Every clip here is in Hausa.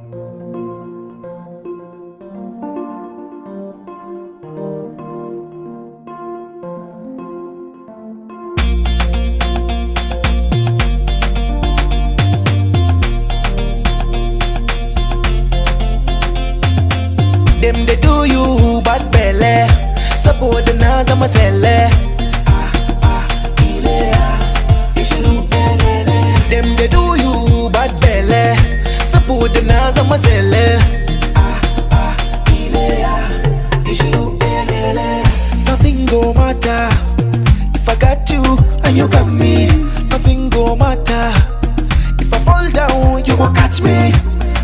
Them they do you bad belly Support na zama sele go matter if I got you and you got me. Nothing go matter if I fall down, you will catch me.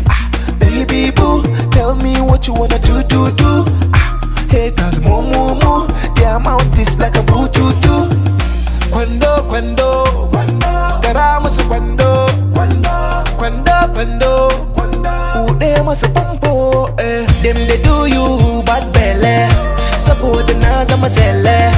Ah, baby boo, tell me what you wanna do, do, do. Ah, haters mo moo moo, their out. is like a bluetooth. Quando, quando, quando, gara musu quando, quando, quando, quando, quando, ude musu pumpo. Eh, them they do you bad belly, saboda zama selle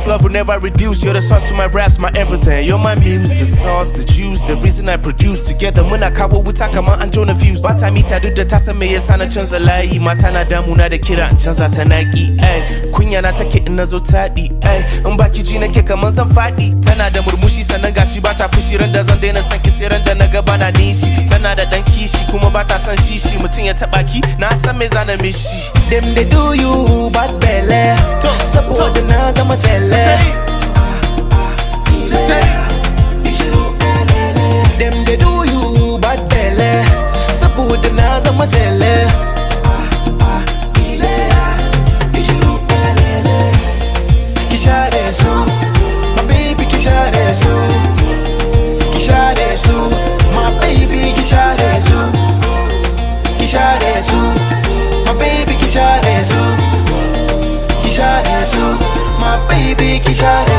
This love will never reduce. You're the sauce to my raps, my everything. You're my muse, the sauce, the juice, the reason I produce. Together, when I kawo wuta kamar an jona views. Ba ta mita duk da ta san me yasa na canza layi. Mata na damuna da kira, canza ta naki. Ay, eh. kunya na take in nazo taɗi. Ay, eh. in baki ji nake kamar zan faɗi. Tana da murmushi sannan gashi ba ta fushi ran da zan daina san ki sai ran da na gaba nishi. Tana da kuma ba ta san shishi mutum ya taɓa ki na san me zana mishi dem dey do you bad belle saboda na zama sele be kisha